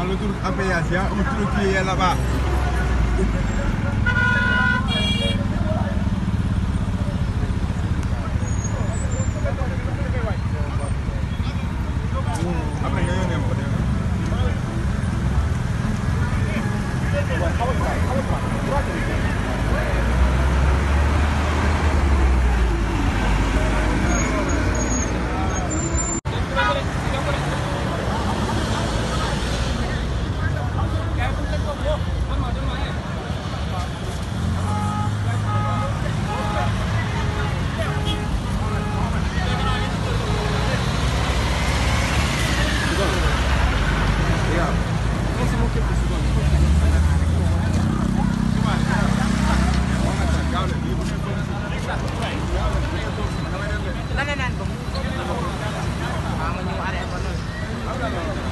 à l'autoroute à péage, il y a un truc no, no.